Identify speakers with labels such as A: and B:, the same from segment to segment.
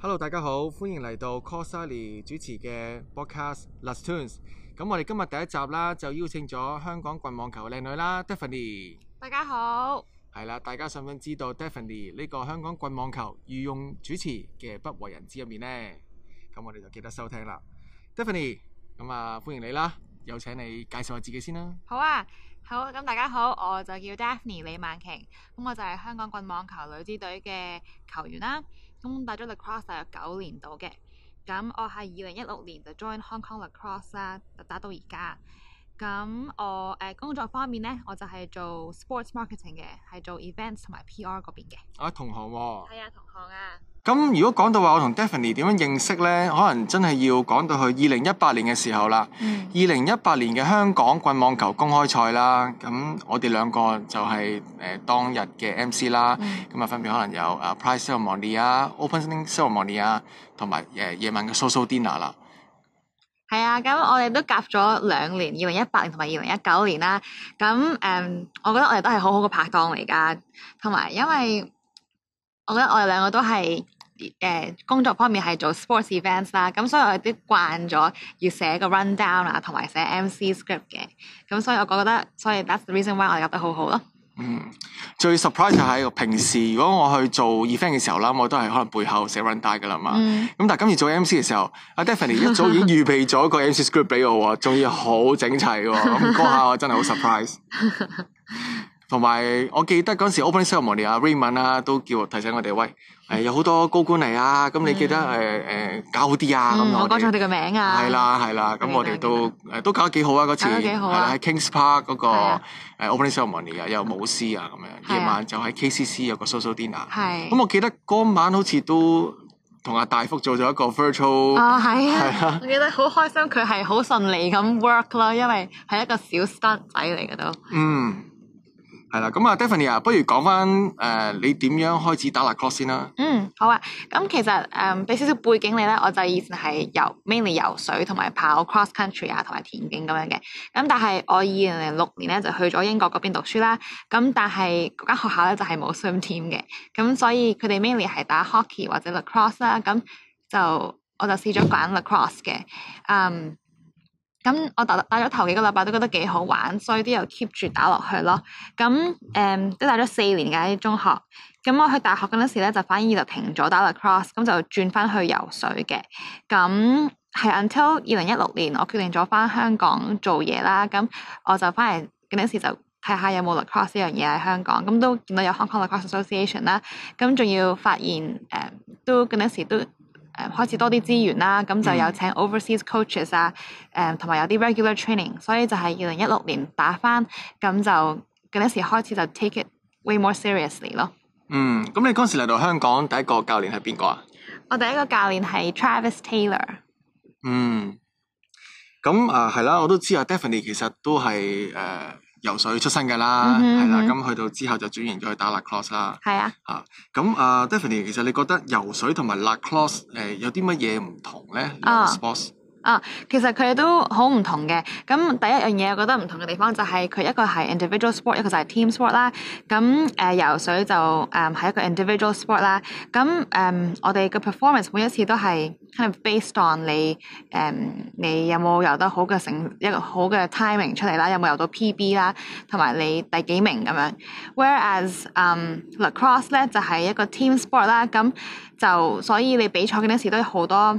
A: Hello，大家好，歡迎嚟到 Call Sally 主持嘅 Broadcast Last Tunes。咁我哋今日第一集啦，就邀請咗香港棍網球靚女啦，Devenny。
B: 大家好，
A: 係啦，大家想唔想知道 Devenny 呢個香港棍網球御用主持嘅不為人知入面呢？咁我哋就記得收聽啦，Devenny，咁啊歡迎你啦。有請你介紹下自己先啦。
B: 好啊，好，咁大家好，我就叫 Daphne 李曼瓊，咁，我就係香港棍網球女子隊嘅球員啦。咁打咗 Lacrosse 大約九年度嘅，咁我喺二零一六年就 join Hong Kong Lacrosse 啦，就打到而家。咁我誒工作方面咧，我就係做 sports marketing 嘅，係做 events 同埋 P. R. 嗰邊嘅。
A: 啊，同行喎、哦。係啊，同行啊。咁如果講到話我同 d e f e n n y 點樣認識呢？可能真係要講到去二零一八年嘅時候啦。二零一八年嘅香港棍網球公開賽啦，咁我哋兩個就係、是、誒、呃、當日嘅 MC 啦，咁啊、嗯、分別可能有誒 Price ceremony 啊、Opening ceremony Open、呃 so so、啊，同埋夜晚嘅 So So dinner 啦。
B: 係啊，咁我哋都夾咗兩年，二零一八年同埋二零一九年啦。咁誒，um, 我覺得我哋都係好好嘅拍檔嚟噶，同埋因為我覺得我哋兩個都係。誒工作方面係做 sports events 啦，咁所以我有啲慣咗要寫個 run down 啦，同埋寫 MC script 嘅，咁所以我覺得，所以 that's the reason why 我入得好好咯。
A: 嗯，最 surprise 就係平時如果我去做 event 嘅時候啦，我都係可能背後寫 run down 噶啦嘛，咁但係今次做 MC 嘅時候，阿 Daphne 一早已經預備咗個 MC script 俾我喎，仲要好整齊喎，咁嗰下我真係好 surprise。同埋，我記得嗰時 opening ceremony 啊，Raymond 啊都叫我提醒我哋喂，係有好多高官嚟啊，咁你記得誒誒搞好啲啊，咁我講咗我哋
B: 嘅名啊！係啦
A: 係啦，咁我哋都誒都搞得幾好啊嗰次，係 Kings Park 嗰個 opening ceremony 啊，有舞獅啊咁樣。夜晚就喺 KCC 有個 social dinner。係。咁我記得嗰晚好似都同阿大福做咗一個 virtual。啊係啊。係啊。我
B: 記得好開心，佢係好順利咁 work 咯，因為係一個小 star 仔嚟嘅都。嗯。
A: 係啦，咁啊 Devenny 啊，不如講翻誒你點樣開始打 lacrosse 先啦。嗯，
B: 好啊。咁其實誒俾少少背景你咧，我就以前係游 mainly 游水同埋跑 cross country 啊，同埋田徑咁樣嘅。咁但係我二零零六年咧就去咗英國嗰邊讀書啦。咁但係間學校咧就係冇 swim team 嘅。咁所以佢哋 mainly 係打 hockey 或者 lacrosse 啦。咁就我就試咗玩 lacrosse 嘅。嗯。咁、嗯、我打打咗頭幾個禮拜都覺得幾好玩，所以啲又 keep 住打落去咯。咁、嗯、誒都打咗四年嘅喺中學。咁、嗯、我去大學嗰陣時咧，就反而就停咗打 lacrosse，咁、嗯、就轉翻去游水嘅。咁、嗯、係 until 二零一六年，我決定咗翻香港做嘢啦。咁、嗯、我就翻嚟嗰陣時就睇下有冇 lacrosse 呢樣嘢喺香港，咁、嗯、都見到有 Hong Kong Lacrosse Association 啦、嗯。咁仲要發現誒、嗯，都嗰陣時都。誒開始多啲資源啦，咁就有請 overseas coaches 啊、mm. 嗯，誒同埋有啲 regular training，所以就係二零一六年打返，咁就嗰陣時開始就 take it way more seriously 咯。嗯，
A: 咁你嗰時嚟到香港第一個教練係邊個啊？
B: 我第一個教練係 Travis Taylor、
A: mm. 嗯。嗯，咁啊係啦，我都知啊，Definitely 其實都係誒。呃游水出身噶啦，係啦、mm，咁、hmm, 去到之後就轉型咗去打 lacrosse 啦。係 Yeah. 啊，嚇咁啊，Daphne，其實你覺得游水 l l ose,、呃、同埋 lacrosse 誒有啲乜嘢唔同咧？啊。Oh.
B: 啊、哦，其實佢哋都好唔同嘅。咁、嗯、第一樣嘢，我覺得唔同嘅地方就係、是、佢一個係 individual sport，一個就係 team sport 啦。咁、嗯、誒、呃、游水就誒係、嗯、一個 individual sport 啦。咁、嗯、誒我哋嘅 performance 每一次都係 kind of based on 你誒、嗯、你有冇游得好嘅成一個好嘅 timing 出嚟啦，有冇游到 PB 啦，同埋你第幾名咁樣。Whereas 誒、um, lacrosse 咧就係、是、一個 team sport 啦。咁、嗯、就所以你比賽嗰陣時都好多。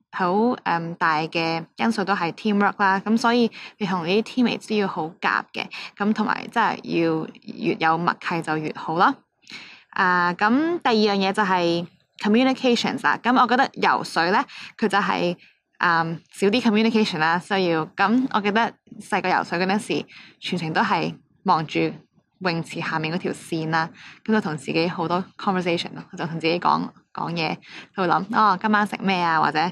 B: 好大嘅因素都係 teamwork 啦，咁所以你同啲 teammates 都要好夾嘅，咁同埋真係要越有默契就越好咯。啊，咁第二樣嘢就係 communications 啦，咁我覺得游水咧佢就係、是、誒少、um, 啲 communication 啦需要，咁我記得細個游水嗰陣時，全程都係望住泳池下面嗰條線啦，咁就同自己好多 conversation 咯，就同自己講講嘢，就會諗哦今晚食咩啊或者。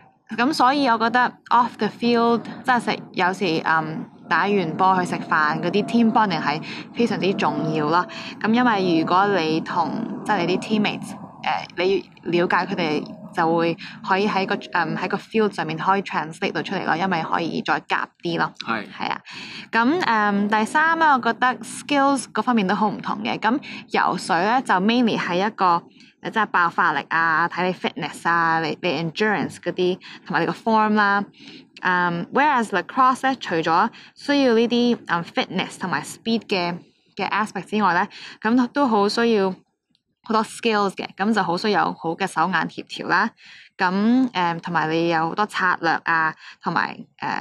B: 咁所以我覺得 off the field 即係食有時嗯、um, 打完波去食飯嗰啲 team bonding 係非常之重要囉。咁因為如果你同即係你啲 teammates 誒、uh,，你要了解佢哋。就會可以喺個誒喺、um, 個 field 上面可以 translate 到出嚟咯，因為可以再夾啲咯。係係啊，咁誒、嗯、第三咧，我覺得 skills 各方面都好唔同嘅。咁、嗯、游水咧就 mainly 係一個即係爆發力啊，睇你 fitness 啊，你你 endurance 嗰啲，同埋你個 form 啦、啊。誒、um,，whereas lacrosse 咧，除咗需要呢啲、um, fitness 同埋 speed 嘅嘅 aspect 之外咧，咁、嗯、都好需要。好多 skills 嘅，咁就好需要有好嘅手眼協調啦。咁誒，同、嗯、埋你有好多策略啊，同埋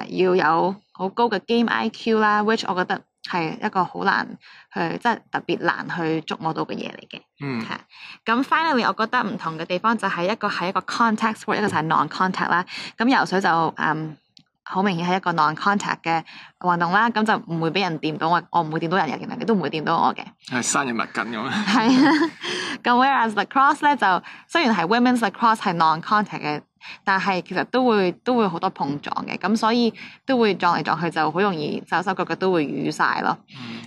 B: 誒要有好高嘅 game IQ 啦。Mm. which 我覺得係一個好難去，即係特別難去捉摸到嘅嘢嚟嘅。嗯。嚇。咁 finally，我覺得唔同嘅地方就係一個係一個 contact s p o r d 一個就係 non-contact 啦。咁游水就嗯。.好明顯係一個 non-contact 嘅運動啦，咁就唔會俾人掂到我，我我唔會掂到人，人哋都唔會掂到我嘅。
A: 係生人勿近咁啊！
B: 係 啊， 咁 whereas lacrosse 咧就雖然係 women's lacrosse 係 non-contact 嘅，但係其實都會都會好多碰撞嘅，咁所以都會撞嚟撞去就好容易手手腳腳都會瘀晒咯。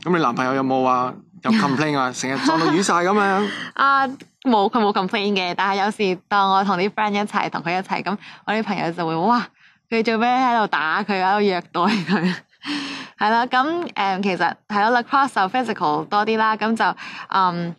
A: 咁、嗯、你男朋友有冇話有，有 complain 啊？成日 撞到瘀晒咁樣？
B: 啊、uh，冇佢冇 complain 嘅，但係有時當我同啲 friend 一齊同佢一齊咁，我啲朋友就會哇。佢做咩喺度打佢，喺度虐待佢？係 啦，咁誒、嗯、其實係咯，lacrosse 就 physical 多啲啦。咁就嗯，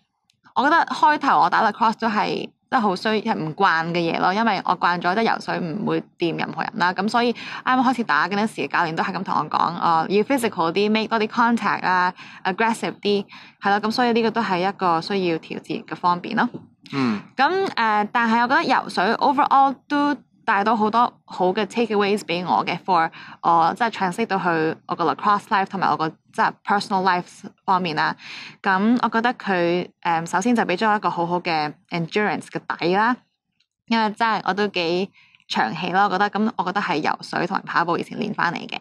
B: 我覺得開頭我打 lacrosse 都係即係好衰，係唔慣嘅嘢咯。因為我慣咗即係游水唔會掂任何人啦。咁所以啱啱、嗯、開始打嗰陣時，教練都係咁同我講：哦、呃，要 physical 啲，make 多啲 contact 啦，aggressive 啲。係啦，咁所以呢個都係一個需要調節嘅方便咯。嗯。咁誒、呃，但係我覺得游水 overall 都。帶到好多好嘅 takeaways 俾我嘅，for 我即係 translate 到去我個 lacrosse life 同埋我個即係 personal life 方面啦。咁我覺得佢誒、嗯、首先就俾咗我一個好好嘅 endurance 嘅底啦，因為真係我都幾長氣咯。我覺得咁，我覺得係游水同埋跑步以前練翻嚟嘅。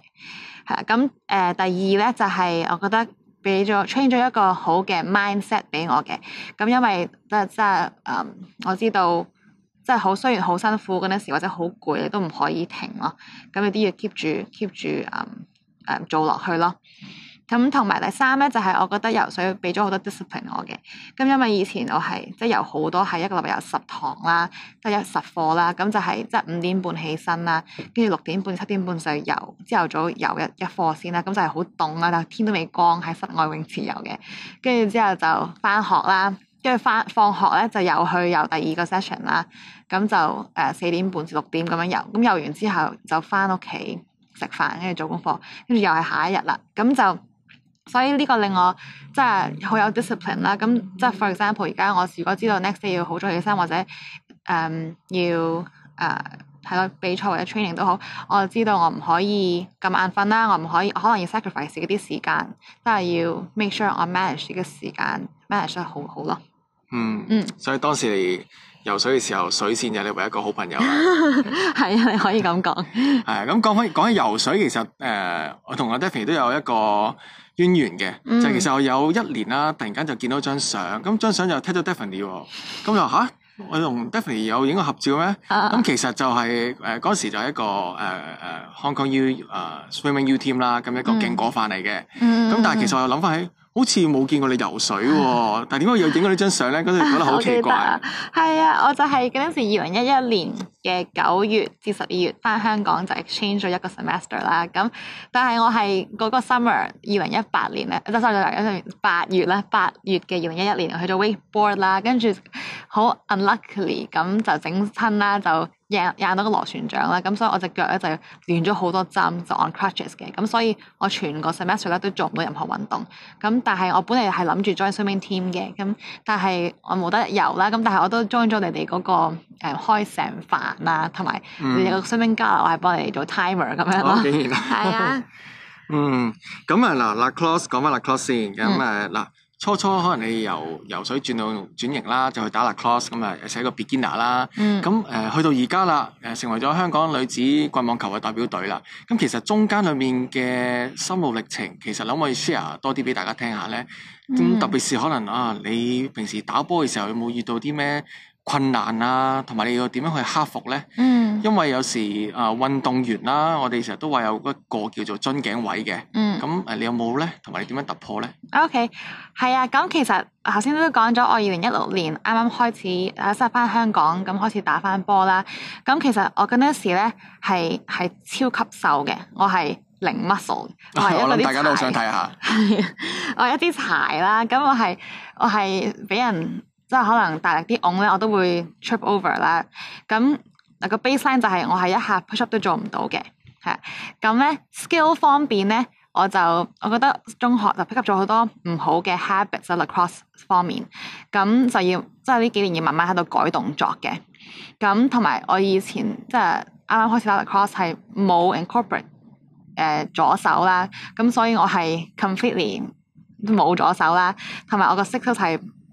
B: 係啦，咁誒、呃、第二咧就係、是、我覺得俾咗 train 咗一個好嘅 mindset 俾我嘅。咁因為即係即係誒，我知道。即係好，雖然好辛苦嗰陣時，或者好攰，你都唔可以停咯。咁你都要 keep 住，keep 住，嗯，誒、嗯，做落去咯。咁同埋第三咧，就係、是、我覺得游水俾咗好多 discipline 我嘅。咁因為以前我係即係遊好多係一個禮拜有十堂啦，即、就、係、是、十課啦。咁就係即係五點半起身啦，跟住六點半、七點半就游，朝頭早游一一課先啦。咁就係好凍啊，但係天都未光喺室外泳池游嘅。跟住之後就翻學啦。跟住翻放學咧，就又去遊第二個 session 啦。咁就誒四點半至六點咁樣遊。咁遊完之後就翻屋企食飯，跟住做功課。跟住又係下一日啦。咁就所以呢個令我即係好有 discipline 啦。咁即係 for example，而家我如果知道 next day 要好早起身或者誒、um，要誒係咯比賽或者 training 都好，我就知道我唔可以咁晏瞓啦。我唔可以，可能要 sacrifice 嗰啲時間，都係要 make sure 我 manage 嘅時間 manage 得好好咯。
A: 嗯，所以當時你游水嘅時候，水線就你唯一一個好朋友。
B: 係 啊，你可以咁講。
A: 係啊，咁講翻講起游水，其實誒、呃，我同阿 Devin 都有一個淵源嘅。就係、其實我有一年啦，突然間就見到張相，咁、嗯、張相就睇到 Devin 喎、哦。咁又吓？我同 Devin 有影過合照咩？咁其實就係誒嗰時就係一個誒誒 Hong Kong U 誒 Swimming U Team 啦，咁一個勁果飯嚟嘅。咁但係其實我又諗翻起。好似冇見過你游水喎、啊，但點解又影嗰呢張相咧？嗰度 覺得好奇怪。 啊。
B: 係啊，我就係嗰陣時二零一一年嘅九月至十二月翻香港就 exchange 咗一個 semester 啦。咁、嗯、但係我係嗰個 summer 二零一八年咧，唔得 sorry 八月啦，八月嘅二零一一年去咗 wakeboard 啦，跟住好 unluckily 咁就整親啦就。踩到個螺旋槳啦，咁、嗯、所以我隻腳咧就斷咗好多針，就 on crutches 嘅，咁、嗯、所以我全個細咩除咗都做唔到任何運動。咁、嗯、但係我本嚟係諗住 join swimming team 嘅，咁但係我冇得遊啦。咁但係我都 join 咗你哋嗰個誒開成飯啊，同埋你哋個 swimming 交流我係幫你做 timer 咁樣咯。係啊，
A: 嗯，咁、那個嗯嗯、啊嗱，嗱 close 講翻嗱 close 先，咁誒嗱。Uh, 初初可能你由游水轉到轉型啦，就去打 lacrosse 咁啊，寫個 beginner 啦。咁誒去到而家啦，誒、呃、成為咗香港女子棍網球嘅代表隊啦。咁其實中間裏面嘅心路歷程，其實諗唔以 share 多啲俾大家聽下咧？咁、嗯嗯、特別是可能啊，你平時打波嘅時候有冇遇到啲咩？困難啊，同埋你要點樣去克服咧？嗯，因為有時、呃、運啊，運動員啦，我哋成日都話有一個叫做樽頸位嘅。嗯，咁誒，你有冇咧？同埋你點樣突破咧
B: ？OK，係啊，咁其實頭先都講咗，我二零一六年啱啱開始誒，翻香港咁開始打翻波啦。咁其實我嗰陣時咧係係超級瘦嘅，我係零 muscle，係一大家都想睇下，係、 啊、我有一啲柴啦。咁我係我係俾人。即係可能大力啲拱咧，我都會 trip over 啦。咁、嗱個 baseline 就係我係一下 push up 都做唔到嘅。係咁咧，skill 方面咧，我就我覺得中學就 pick up 咗好多唔好嘅 habits，lacrosse 方面。咁就要即係呢幾年要慢慢喺度改動作嘅。咁同埋我以前即係啱啱開始打 lacrosse 係冇 incorporate 誒、呃、左手啦。咁所以我係 completely 都冇左手啦。同埋我個 skill 係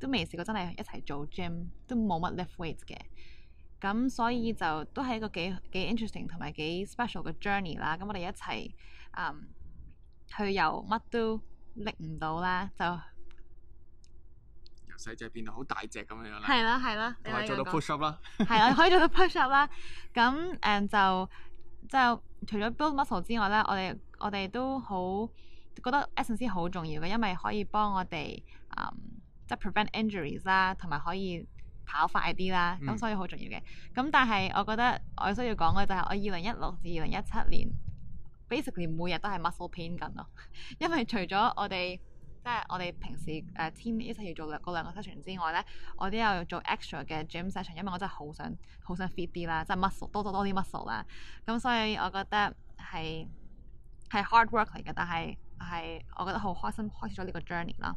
B: 都未試過，真係一齊做 gym 都冇乜 lift weight 嘅咁，所以就都係一個幾幾 interesting 同埋幾 special 嘅 journey 啦。咁我哋一齊嗯去由乜都拎唔到啦，就
A: 由細隻變到好大隻咁樣啦。係啦、啊，係啦、啊，我係做到 pushup 啦，
B: 係我可以做到 pushup 啦。咁 誒、啊嗯、就就除咗 build muscle 之外咧，我哋我哋都好覺得 essence 好重要嘅，因為可以幫我哋嗯。即係 prevent injuries 啦，同埋可以跑快啲啦，咁、嗯、所以好重要嘅。咁但係我覺得我需要講嘅就係我二零一六至二零一七年 basically 每日都係 muscle pain 緊咯， 因為除咗我哋即係我哋平時 team 一齊要做嗰兩,兩個 session 之外咧，我都有做 extra 嘅 gym session，因為我真係好想好想 fit 啲啦，即係 muscle 多咗多啲 muscle 啦。咁所以我覺得係係 hard work 嚟嘅，但係係我覺得好開心開始咗呢個 journey 啦。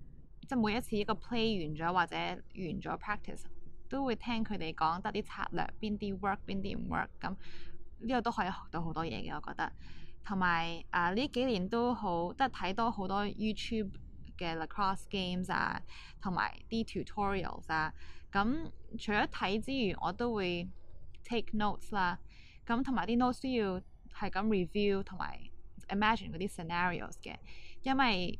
B: 即係每一次一個 play 完咗或者完咗 practice，都會聽佢哋講得啲策略，邊啲 work，邊啲唔 work，嗯。咁呢個都可以學到好多嘢嘅，我覺得。同埋啊呢幾年都好，即係睇多好多 YouTube 嘅 lacrosse games 啊，同埋啲 tutorials 啊。咁、嗯、除咗睇之餘，我都會 take notes 啦。咁、嗯、同埋啲 notes 都要係咁 review 同埋 imagine 嗰啲 scenarios 嘅，因為。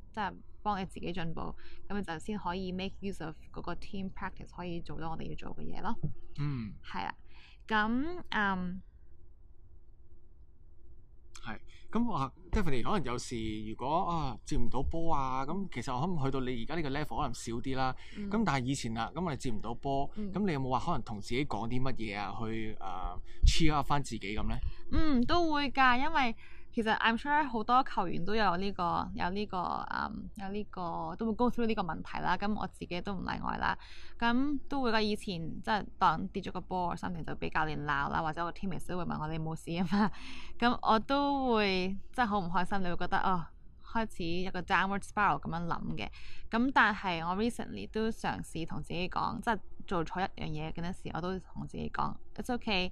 B: 即係幫你自己進步，咁就先可以 make use of 嗰個 team practice，可以做到我哋要做嘅嘢咯。嗯，係
A: 啦，咁嗯係，咁啊，Deborah 可能有時如果啊接唔到波啊，咁、啊、其實我可唔可以去到你而家呢個 level 可能少啲啦。咁、嗯、但係以前啊，咁我哋接唔到波，咁、嗯、你有冇話可能同自己講啲乜嘢啊？去誒、uh, cheer up 翻自己咁咧？
B: 嗯，都會噶，因為。其實 I'm sure 好多球員都有呢、這個有呢、這個啊、um, 有呢、這個都會 go through 呢個問題啦，咁我自己都唔例外啦。咁都會覺得以前即係當跌咗個波，我心情就俾教練鬧啦，或者我 teammate 都會問我你冇事啊嘛。咁我都會即係好唔開心，你會覺得啊、哦、開始一個 Downward spiral 咁樣諗嘅。咁但係我 recently 都嘗試同自己講，即係做錯一樣嘢嘅時，我都同自己講 it's okay。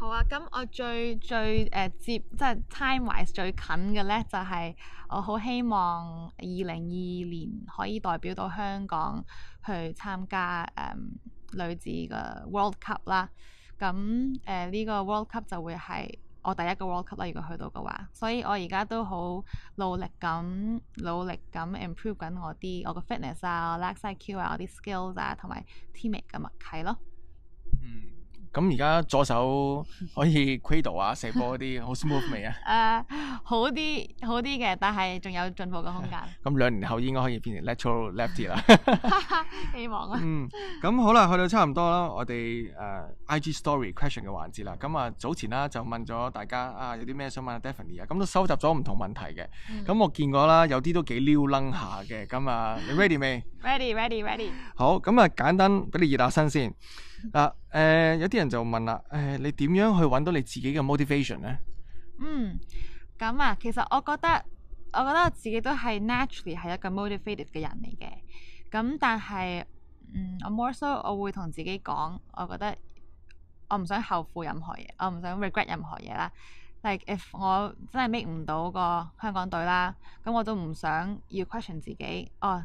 B: 好啊，咁我最最誒、呃、接即係 timewise 最近嘅呢，就係、是、我好希望二零二二年可以代表到香港去參加誒女子嘅 World Cup 啦。咁誒呢個 World Cup 就會係我第一個 World Cup 啦，如果去到嘅話。所以我而家都好努力咁努力咁 improve 緊我啲我嘅 fitness 啊、lax IQ 啊、我啲 skills 啊同埋 teammate 嘅默契咯。嗯。
A: 咁而家左手可以 cruel，啊，射波嗰啲好 smooth 未啊？誒，
B: 好啲好啲嘅，但係仲有進步嘅空間。
A: 咁兩年後應該可以變成 natural lefty 啦。
B: 希望啊。嗯，
A: 咁好啦，去到差唔多啦，我哋誒 IG story question 嘅環節啦。咁啊，早前啦就問咗大家啊，有啲咩想問阿 Daphne 啊？咁都收集咗唔同問題嘅。咁我見過啦，有啲都幾撩楞下嘅。咁啊，你 ready 未？
B: Ready, ready, ready。
A: 好咁啊，簡單俾你熱下身先啊。誒，有啲人就問啦，誒，你點樣去揾到你自己嘅 motivation 呢？嗯，
B: 咁、嗯、啊，其實我覺得，我覺得我自己都係 naturally 係一個 motivated 嘅人嚟嘅。咁但係，嗯，我、嗯、more so 我會同自己講，我覺得我唔想後悔任何嘢，我唔想 regret 任何嘢啦。Like if 我真係 make 唔到個香港隊啦，咁我都唔想要 question 自己哦。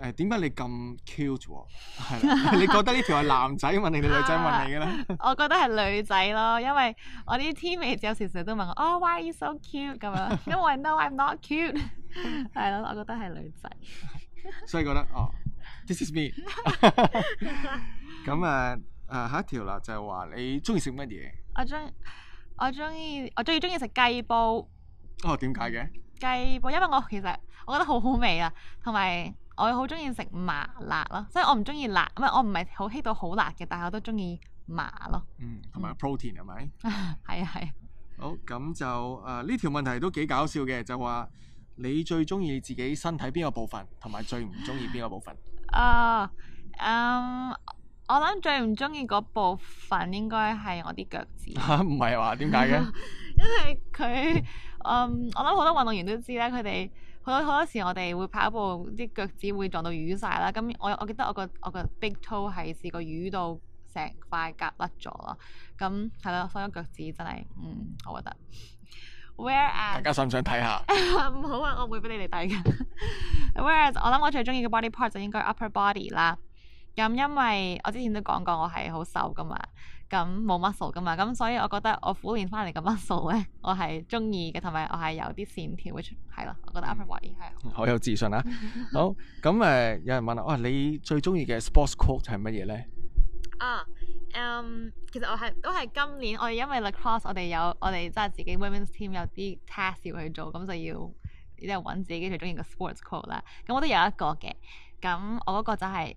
A: 誒點解你咁 cute 喎？ 你覺得呢條係男仔問你定、 啊、女仔問你嘅咧？
B: 我覺得係女仔咯，因為我啲 teammate 有時成日都問我哦、oh,，why are you so cute 咁啊，因為 No I no I'm not cute 係咯， 我覺得係女仔，
A: 所以覺得哦 this i s me 咁，誒誒下一條啦，就係話你中意食乜嘢？我中
B: 我中意我最中意食雞煲哦。點解嘅雞煲？因為我其實我覺得好好味啊，同埋。我好中意食麻辣咯，所以我唔中意辣，唔係我唔係好希到好辣嘅，但係我都中意麻咯。
A: 嗯，同埋 protein 係咪、嗯？
B: 係啊係。
A: 是好，咁就誒呢、呃、條問題都幾搞笑嘅，就話你最中意自己身體邊個部分，同埋最唔中意邊個部分？
B: 啊、呃，嗯、呃，我諗最唔中意嗰部分應該係我啲腳趾。
A: 唔係話點解嘅？為 因
B: 為佢，嗯、呃，我諗好多運動員都知咧，佢哋。好多時我哋會跑步，啲腳趾會撞到淤晒啦。咁我我記得我個我個 big toe 係試過淤到成塊夾甩咗咯。咁係咯，放咗腳趾真係，嗯，我覺得。Whereas 大家想唔想睇下？唔好啊，我唔會俾你哋睇嘅。Whereas 我諗我最中意嘅 body part 就應該 upper body 啦。咁因為我之前都講過，我係好瘦噶嘛。咁冇 muscle 噶嘛，咁所以我覺得我苦練翻嚟嘅 muscle 咧，我係中意嘅，同埋我係有啲線條嘅出，係咯，我覺得 upper body，係。好有自信啊！
A: 好，咁誒有人問啦，哇、啊，你最中意嘅 sports code 就係乜嘢咧？
B: 啊，誒、嗯，其實我係都係今年，我哋因為 lacrosse，我哋有我哋即係自己 women's team 有啲 task 要去做，咁就要即係揾自己最中意嘅 sports code 啦。咁我都有一個嘅，咁我嗰個就係、是。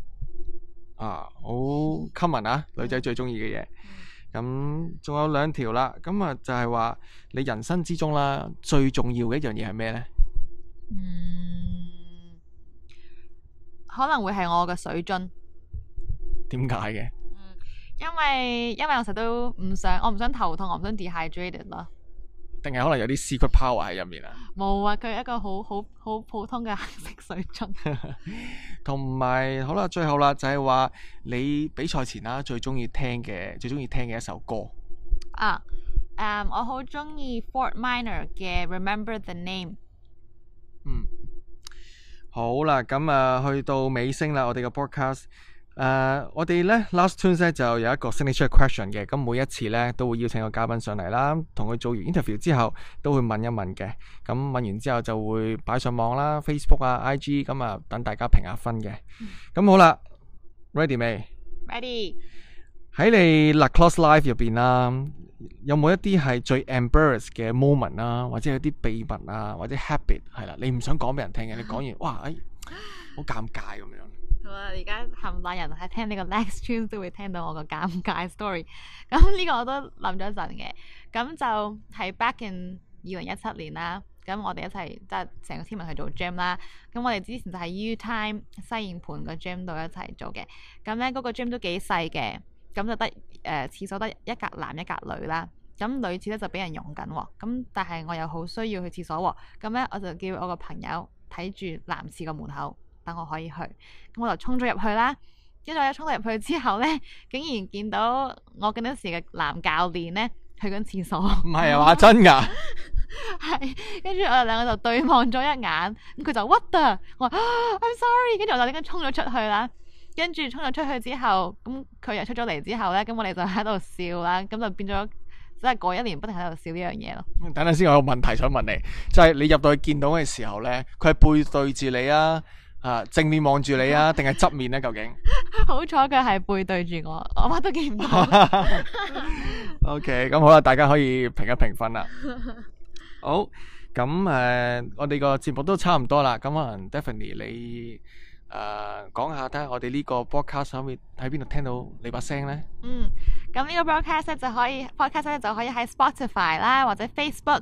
A: 啊，好 common 啊，女仔最中意嘅嘢。咁仲有兩條啦，咁啊就係話你人生之中啦最重要嘅一樣嘢係咩咧？嗯，
B: 可能會係我嘅水樽。
A: 點解嘅？嗯，
B: 因為因為我成日都唔想，我唔想頭痛，我唔想 dehydrated 咯。
A: 定係可能有啲 secret power 喺入面啊？
B: 冇啊，佢係一個好好好普通嘅黑色
A: 水樽。同 埋 好啦，最後啦，就係話你比賽前啦最中意聽嘅最中意聽嘅一首歌
B: 啊！Uh, um, 我好中意 Fort Minor 嘅 Remember the Name。嗯，
A: 好啦，咁啊，去到尾聲啦，我哋嘅 broadcast。誒，uh, 我哋咧 last tune 咧就有一個 signature question 嘅，咁每一次咧都會邀請個嘉賓上嚟啦，同佢做完 interview 之後，都會問一問嘅，咁問完之後就會擺上網啦，Facebook 啊、IG 咁、嗯、啊，等大家評下分嘅。咁 好啦，ready 未？Ready。喺你 last close life 入邊啦，有冇一啲係最 embarrass 嘅 moment 啊，或者有啲秘密啊，或者 habit 係啦，你唔想講俾人聽嘅，你講完哇，哎，好尷尬咁樣。
B: 而家冚唪唥人喺聽呢個 next tune 都會聽到我個尷尬 story。咁 呢個我都諗咗一陣嘅，咁就喺 back in 二零一七年啦。咁我哋一齊即係成個 team 去做 gym 啦。咁我哋之前就係 Utime 西營盤個 gym 度一齊做嘅。咁咧嗰個 gym 都幾細嘅，咁就得誒廁所得一格男一格女啦。咁女廁咧就俾人用緊喎，咁但係我又好需要去廁所喎。咁咧我就叫我個朋友睇住男廁個門口，我可以去，咁我就衝咗入去啦。跟住我一衝咗入去之後咧，竟然見到我嗰陣時嘅男教練咧，去緊廁所唔係啊，話真噶，係，跟住我哋兩個就對望咗一眼，咁佢就 what？我話、啊、I'm sorry，跟住我就點解衝咗出去啦？跟住衝咗出去之後，咁佢又出咗嚟之後咧，咁我哋就喺度笑啦。咁就變咗即係過一年不停喺度笑呢樣嘢咯。
A: 等陣先，我有個問題想問你，就係、是、你入到去見到嘅時候咧，佢係背對住你啊？啊，正面望住你啊，定係側面咧、啊？究竟？
B: 好彩佢係背對住我，我乜都見唔
A: 到。O K，咁好啦，大家可以評一評分啦。好、 oh,，咁誒，我哋個節目都差唔多啦。咁可能 Daphne，你誒講下睇下我哋呢個 broadcast 喺邊喺邊度聽到你把聲咧？嗯，
B: 咁呢個 broadcast 就可以 podcast 咧就可以喺 Spotify 啦，或者 Facebook。